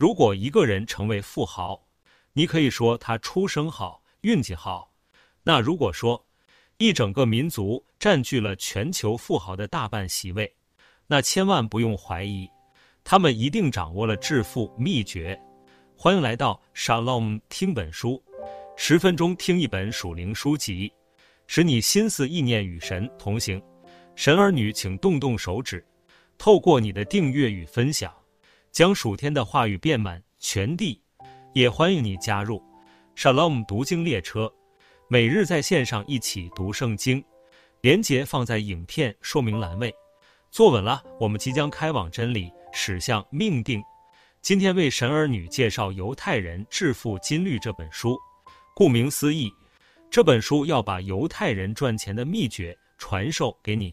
如果一個人成為富豪，你可以說他出生好、運氣好。那如果說一整個民族佔據了全球富豪的大半席位，那千萬不用懷疑，他們一定掌握了致富秘訣。歡迎來到 Shalom 聽本書，十分鐘聽一本屬靈書籍，使你心思意念與神同行。神兒女，請動動手指，透過你的訂閱與分享。將屬天的話語遍滿全地，也歡迎你加入 Shalom 讀經列車，每日在線上一起讀聖經。連結放在影片說明欄位。坐穩了，我們即將開往真理，駛向命定。今天為神兒女介紹《猶太人致富金律》這本書。顧名思義，這本書要把猶太人賺錢的秘訣傳授給你。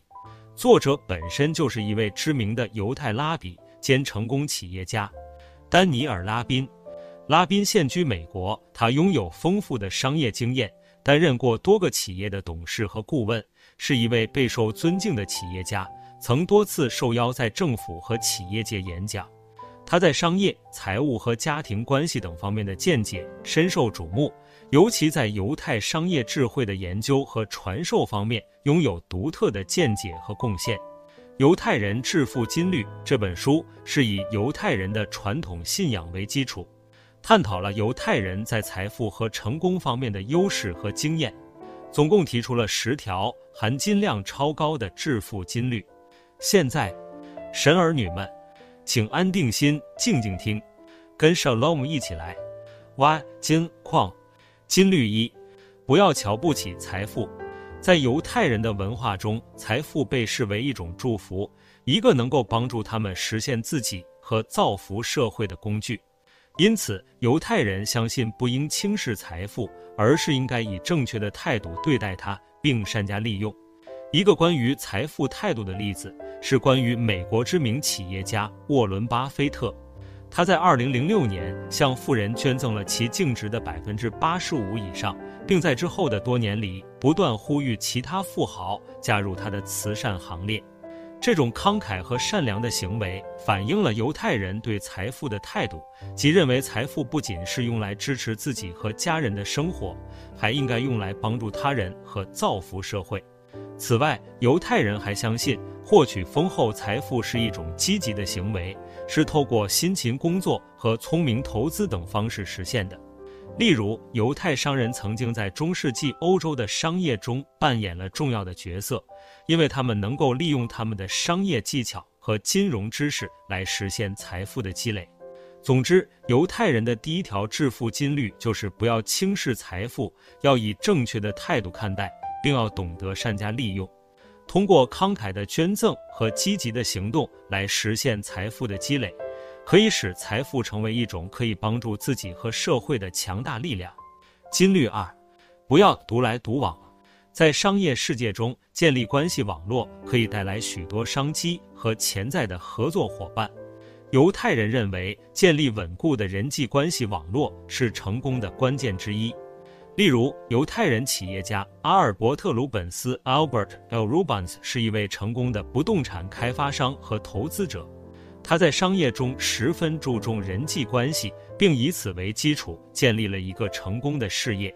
作者本身就是一位知名的猶太拉比。兼成功企業家丹尼爾·拉賓，拉賓現居美國。他擁有豐富的商業經驗，擔任過多個企業的董事和顧問，是一位備受尊敬的企業家。曾多次受邀在政府和企業界演講。他在商業、財務和家庭關係等方面的見解深受矚目，尤其在猶太商業智慧的研究和傳授方面，擁有獨特的見解和貢獻。《猶太人致富金律》這本書是以猶太人的傳統信仰為基礎，探討了猶太人在財富和成功方面的優勢和經驗，總共提出了十條含金量超高的致富金律。現在，神兒女們，請安定心，靜靜聽，跟 Shalom 一起來，挖金礦，金律一，不要瞧不起財富。在猶太人的文化中，財富被視為一種祝福，一個能夠幫助他們實現自己和造福社會的工具。因此，猶太人相信不應輕視財富，而是應該以正確的態度對待它，並善加利用。一個關於財富態度的例子是關於美國知名企業家沃倫·巴菲特。他在2006年向富人捐贈了其淨值的85%以上，並在之後的多年裡不斷呼籲其他富豪加入他的慈善行列。這種慷慨和善良的行為反映了猶太人對財富的態度，即認為財富不僅是用來支持自己和家人的生活，還應該用來幫助他人和造福社會。此外，猶太人還相信。獲取豐厚財富是一種積極的行為，是透過辛勤工作和聰明投資等方式實現的。例如，猶太商人曾經在中世紀歐洲的商業中扮演了重要的角色，因為他們能夠利用他們的商業技巧和金融知識來實現財富的積累。總之，猶太人的第一條致富金律就是不要輕視財富，要以正確的態度看待，並要懂得善加利用。通過慷慨的捐贈和積極的行動來實現財富的積累，可以使財富成為一種可以幫助自己和社會的強大力量。金律二：不要獨來獨往。在商業世界中建立關係網絡可以帶來許多商機和潛在的合作夥伴。猶太人認為，建立穩固的人際關係網絡是成功的關鍵之一。例如，猶太人企業家阿爾伯特·魯本斯 （Albert L. Rubens） 是一位成功的不動產開發商和投資者。他在商業中十分注重人際關係，並以此為基礎建立了一個成功的事業。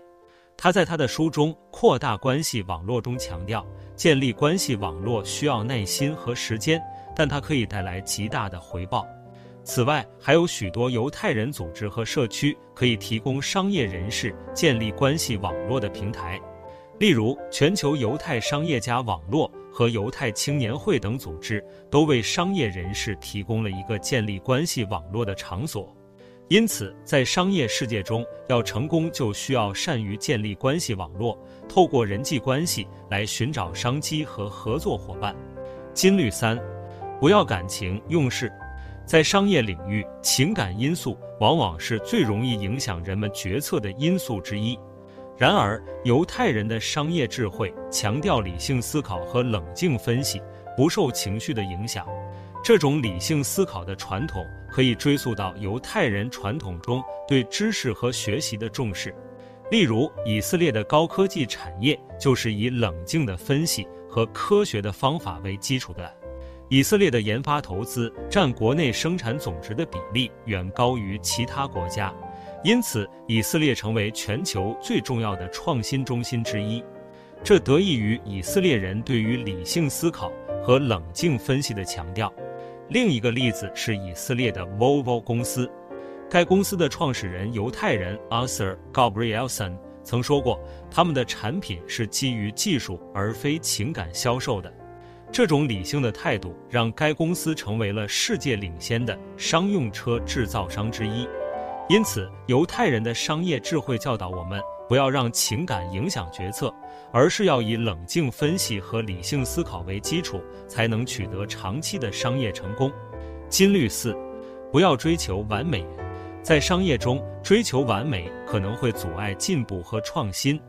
他在他的書中《擴大關係網絡》中強調，建立關係網絡需要耐心和時間，但它可以帶來極大的回報。此外，還有許多猶太人組織和社區可以提供商業人士建立關係網絡的平台，例如全球猶太商業家網絡和猶太青年會等組織，都為商業人士提供了一個建立關係網絡的場所。因此，在商業世界中，要成功就需要善於建立關係網絡，透過人際關係來尋找商機和合作夥伴。金律三：不要感情用事。在商業領域，情感因素往往是最容易影響人們決策的因素之一。然而，猶太人的商業智慧強調理性思考和冷靜分析，不受情緒的影響。這種理性思考的傳統可以追溯到猶太人傳統中對知識和學習的重視。例如，以色列的高科技產業就是以冷靜的分析和科學的方法為基礎的。以色列的研發投資占國內生產總值的比例遠高於其他國家，因此以色列成為全球最重要的創新中心之一。這得益於以色列人對於理性思考和冷靜分析的強調。另一個例子是以色列的 Volvo 公司，該公司的創始人猶太人 Arthur Gabrielsson 曾說過：“他們的產品是基於技術而非情感銷售的。”這種理性的態度讓該公司成為了世界領先的商用車製造商之一。因此，猶太人的商業智慧教導我們不要讓情感影響決策，而是要以冷靜分析和理性思考為基礎，才能取得長期的商業成功。金律四：不要追求完美。在商業中追求完美可能會阻礙進步和創新。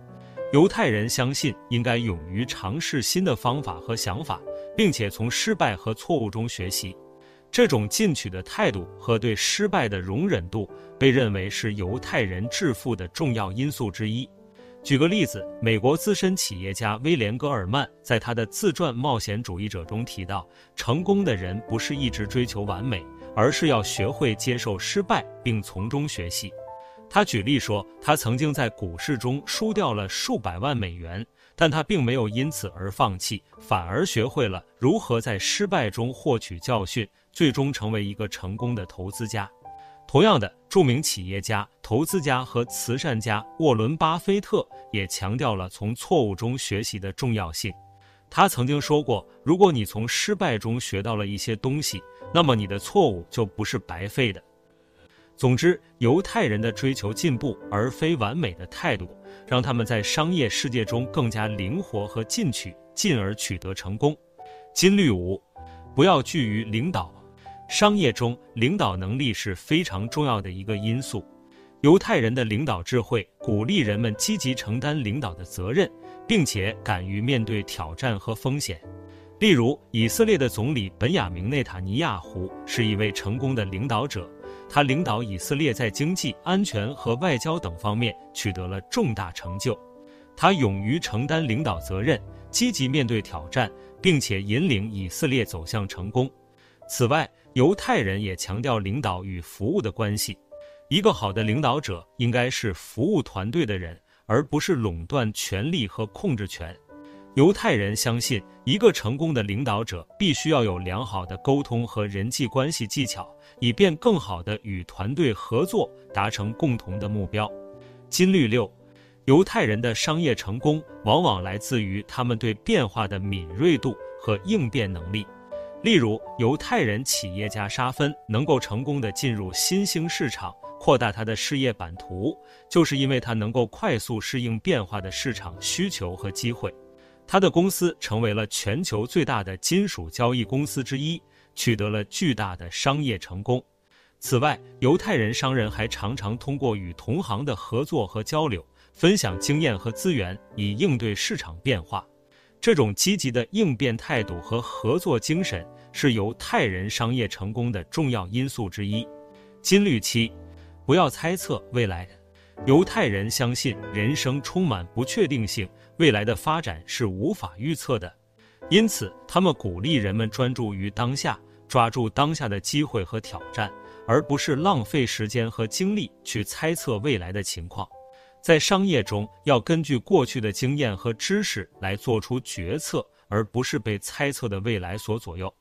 猶太人相信，應該勇於嘗試新的方法和想法。並且從失敗和錯誤中學習，這種進取的態度和對失敗的容忍度被認為是猶太人致富的重要因素之一。舉個例子，美國資深企業家威廉·戈爾曼在他的自傳《冒險主義者》中提到，成功的人不是一直追求完美，而是要學會接受失敗並從中學習。他舉例說，他曾經在股市中輸掉了數百萬美元，但他並沒有因此而放棄，反而學會了如何在失敗中獲取教訓，最終成為一個成功的投資家。同樣的，著名企業家、投資家和慈善家沃倫·巴菲特也強調了從錯誤中學習的重要性。他曾經說過：“如果你從失敗中學到了一些東西，那麼你的錯誤就不是白費的。”總之，猶太人的追求進步而非完美的態度，讓他們在商業世界中更加靈活和進取，進而取得成功。金律五，不要懼於領導。商業中，領導能力是非常重要的一個因素。猶太人的領導智慧，鼓勵人們積極承擔領導的責任，並且敢於面對挑戰和風險。例如，以色列的總理本雅明內塔尼亞胡是一位成功的領導者。他領導以色列在經濟、安全和外交等方面取得了重大成就。他勇於承擔領導責任，積極面對挑戰，並且引領以色列走向成功。此外，猶太人也強調領導與服務的關係。一個好的領導者應該是服務團隊的人，而不是壟斷權力和控制權。猶太人相信，一個成功的領導者必須要有良好的溝通和人際關係技巧，以便更好地與團隊合作，達成共同的目標。金律六，猶太人的商業成功往往來自於他們對變化的敏銳度和應變能力。例如，猶太人企業家沙芬能夠成功地進入新興市場，擴大他的事業版圖，就是因為他能夠快速適應變化的市場需求和機會。他的公司成為了全球最大的金屬交易公司之一，取得了巨大的商業成功。此外，猶太人商人還常常通過與同行的合作和交流，分享經驗和資源，以應對市場變化。這種積極的應變態度和合作精神，是猶太人商業成功的重要因素之一。金律七：不要猜測未來。猶太人相信人生充滿不確定性。未來的發展是無法預測的，因此他們鼓勵人們專注於當下，抓住當下的機會和挑戰，而不是浪費時間和精力去猜測未來的情況。在商業中，要根據過去的經驗和知識來做出決策，而不是被猜測的未來所左右。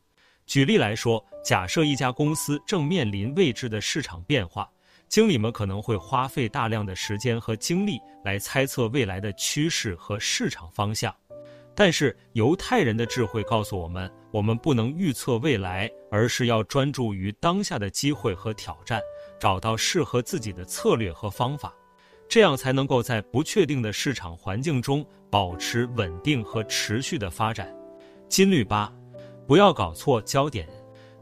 舉例來說，假設一家公司正面臨未知的市場變化。經理們可能會花費大量的時間和精力來猜測未來的趨勢和市場方向，但是猶太人的智慧告訴我們，我們不能預測未來，而是要專注於當下的機會和挑戰，找到適合自己的策略和方法，這樣才能夠在不確定的市場環境中保持穩定和持續的發展。金律八，不要搞錯焦點。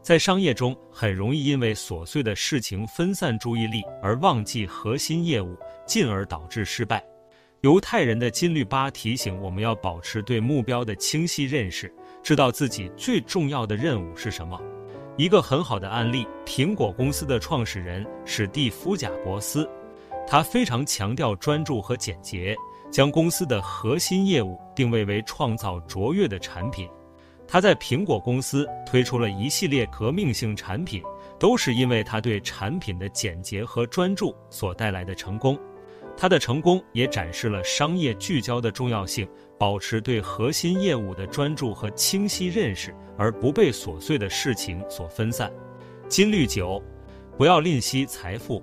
在商業中，很容易因為瑣碎的事情分散注意力而忘記核心業務，進而導致失敗。猶太人的金律八提醒我們要保持對目標的清晰認識，知道自己最重要的任務是什麼。一個很好的案例，蘋果公司的創始人史蒂夫·賈伯斯，他非常強調專注和簡潔，將公司的核心業務定位為創造卓越的產品。他在蘋果公司推出了一系列革命性產品，都是因為他對產品的簡潔和專注所帶來的成功。他的成功也展示了商業聚焦的重要性，保持對核心業務的專注和清晰認識，而不被瑣碎的事情所分散。金律九：不要吝惜財富。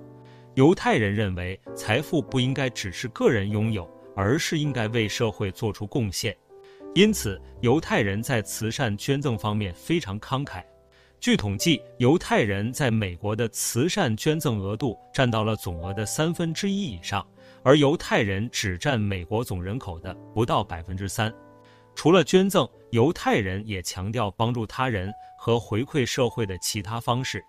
猶太人認為，財富不應該只是個人擁有，而是應該為社會做出貢獻。因此，猶太人在慈善捐贈方面非常慷慨。據統計，猶太人在美國的慈善捐贈額度佔到了總額的三分之一以上，而猶太人只佔美國總人口的不到百分之三。除了捐贈，猶太人也強調幫助他人和回饋社會的其他方式。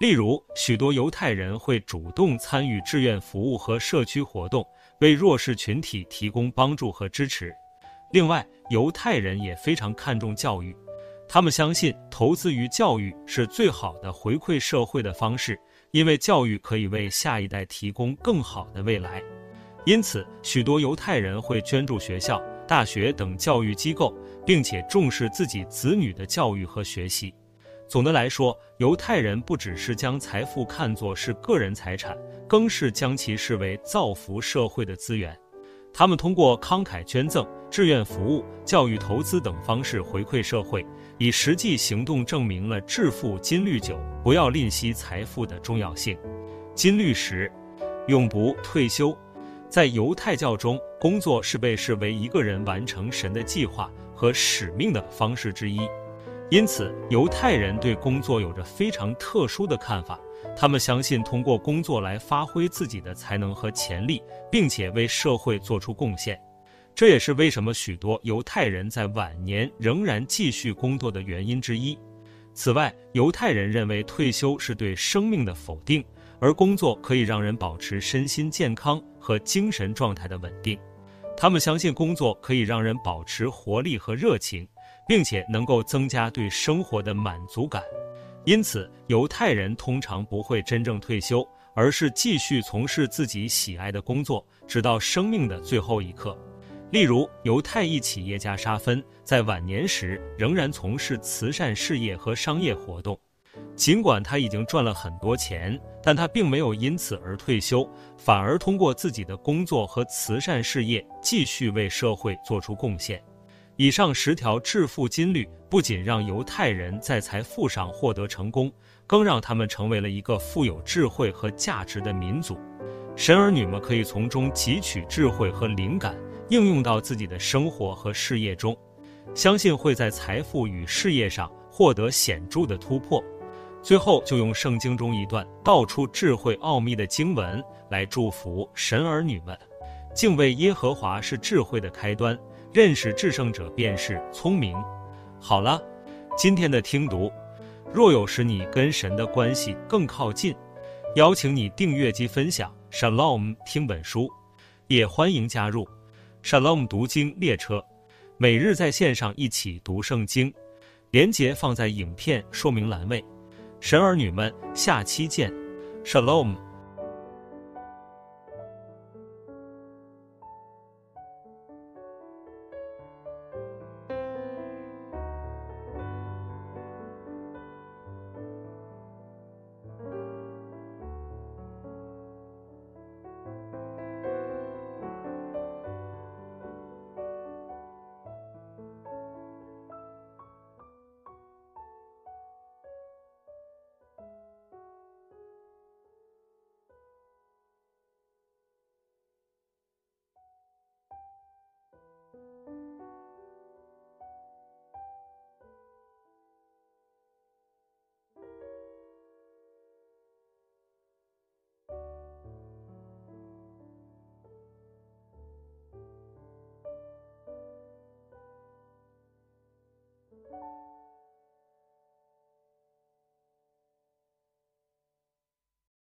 例如，許多猶太人會主動參與志願服務和社區活動，為弱勢群體提供幫助和支持。另外，猶太人也非常看重教育，他們相信投資於教育是最好的回饋社會的方式，因為教育可以為下一代提供更好的未來。因此，許多猶太人會捐助學校、大學等教育機構，並且重視自己子女的教育和學習。總的來說，猶太人不只是將財富看作是個人財產，更是將其視為造福社會的資源。他們通過慷慨捐贈，志願服務、教育投資等方式回饋社會，以實際行動證明了致富金律九不要吝惜財富的重要性。金律十，永不退休。在猶太教中，工作是被視為一個人完成神的計劃和使命的方式之一。因此，猶太人對工作有着非常特殊的看法。他們相信，通過工作來發揮自己的才能和潛力，並且為社會做出貢獻。這也是為什麼許多猶太人在晚年仍然繼續工作的原因之一。此外，猶太人認為退休是對生命的否定，而工作可以讓人保持身心健康和精神狀態的穩定。他們相信工作可以讓人保持活力和熱情，並且能夠增加對生活的滿足感。因此，猶太人通常不會真正退休，而是繼續從事自己喜愛的工作，直到生命的最後一刻。例如，猶太裔企業家沙芬在晚年時仍然從事慈善事業和商業活動，儘管他已經賺了很多錢，但他並沒有因此而退休，反而通過自己的工作和慈善事業繼續為社會做出貢獻。以上十條致富金律不僅讓猶太人在財富上獲得成功，更讓他們成為了一個富有智慧和價值的民族。神兒女們可以從中汲取智慧和靈感。應用到自己的生活和事業中，相信會在財富與事業上獲得顯著的突破。最後，就用聖經中一段道出智慧奧秘的經文來祝福神兒女們：敬畏耶和華是智慧的開端，認識至聖者便是聰明。好了，今天的聽讀，若有使你跟神的關係更靠近，邀請你訂閱及分享 Shalom 聽本書，也歡迎加入。Shalom 讀經列車，每日在線上一起讀聖經，連結放在影片說明欄位，神兒女們，下期見，Shalom。Sh